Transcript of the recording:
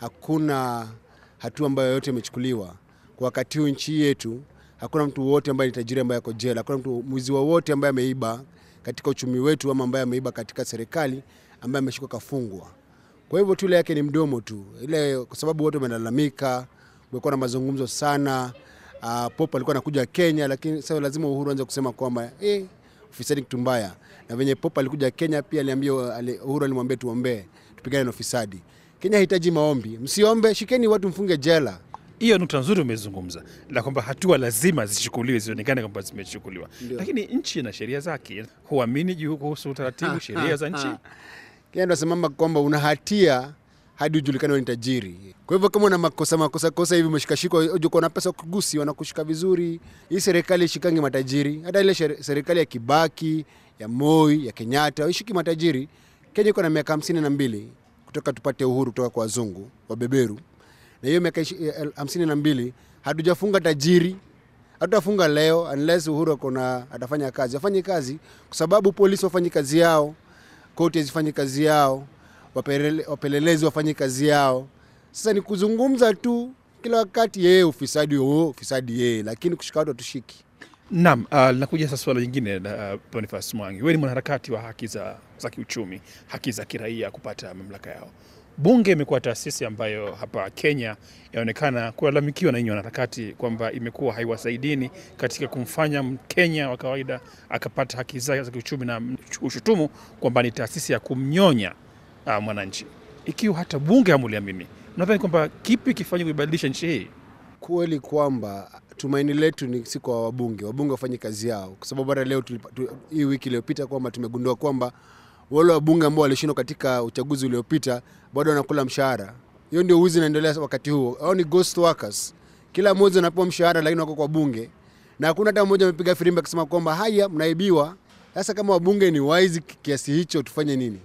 hakuna hatua ambayo yote imechukuliwa kwa wakati huu nchi yetu. Hakuna mtu wote ambaye ni tajiri ambaye ako jela, hakuna mtu mwizi wowote ambaye ameiba katika uchumi wetu ama ambaye ameiba katika serikali ambaye ameshikwa kafungwa. Kwa hivyo tu ile yake ni mdomo tu ile, kwa sababu wote wamelalamika, umekuwa na mazungumzo sana. Uh, ah, Pop alikuwa anakuja Kenya, lakini sasa lazima Uhuru anze kusema kwamba eh, ufisadi kitu mbaya, na venye Pop alikuja Kenya pia aliambia Uhuru, alimwambia tuombee, tupigane na ufisadi. Kenya hahitaji maombi. Msiombe, shikeni watu mfunge jela. Hiyo nukta nzuri umezungumza, la kwamba hatua lazima zichukuliwe, zionekane kwamba zimechukuliwa, lakini nchi na sheria zake. Huamini juu kuhusu utaratibu sheria za nchi? Kenya nasemama kwamba una hatia hadi ujulikane ni tajiri. Kwa hivyo kama una makosa makosa kosa hivi umeshikashikwa, uko na pesa kugusi, wanakushika vizuri. Hii serikali shikangi matajiri, hata ile serikali ya Kibaki, ya Moi, ya Kenyatta ishiki matajiri. Kenya iko na miaka hamsini na mbili toka tupate uhuru kutoka kwa wazungu wabeberu, na hiyo miaka hamsini na mbili hatujafunga tajiri, hatutafunga leo unless Uhuru akona atafanya kazi. Afanye kazi kwa sababu polisi wafanyi kazi yao, koti azifanyi kazi yao, wapelelezi wafanyi kazi yao. Sasa ni kuzungumza tu kila wakati, yeye ufisadi, oh, ufisadi yeye, lakini kushika watu hatushiki. Naam, uh, linakuja sasa suala jingine uh, Boniface Mwangi, wewe ni mwanaharakati wa haki za, za kiuchumi, haki za kiraia kupata mamlaka yao. Bunge imekuwa taasisi ambayo hapa Kenya inaonekana kulalamikiwa na nyinyi wanaharakati kwamba imekuwa haiwasaidini katika kumfanya Mkenya wa kawaida akapata haki zake za kiuchumi, na ushutumu kwamba ni taasisi ya kumnyonya uh, mwananchi. Ikiwa hata bunge hamuliamini, nadhani kwamba kipi kifanywe kuibadilisha nchi hii? Kweli kwamba tumaini letu ni si kwa wabunge, wabunge wafanye kazi yao, kwa sababu hata leo tulipa, tu, hii wiki iliyopita kwamba tumegundua kwamba wale wabunge ambao walishindwa katika uchaguzi uliopita bado wanakula mshahara. Hiyo ndio wizi inaendelea wakati huo, au ni ghost workers. Kila mmoja anapewa mshahara, lakini wako kwa bunge na hakuna hata mmoja amepiga firimbi akisema kwamba haya, mnaibiwa. Sasa kama wabunge ni wise kiasi hicho, tufanye nini?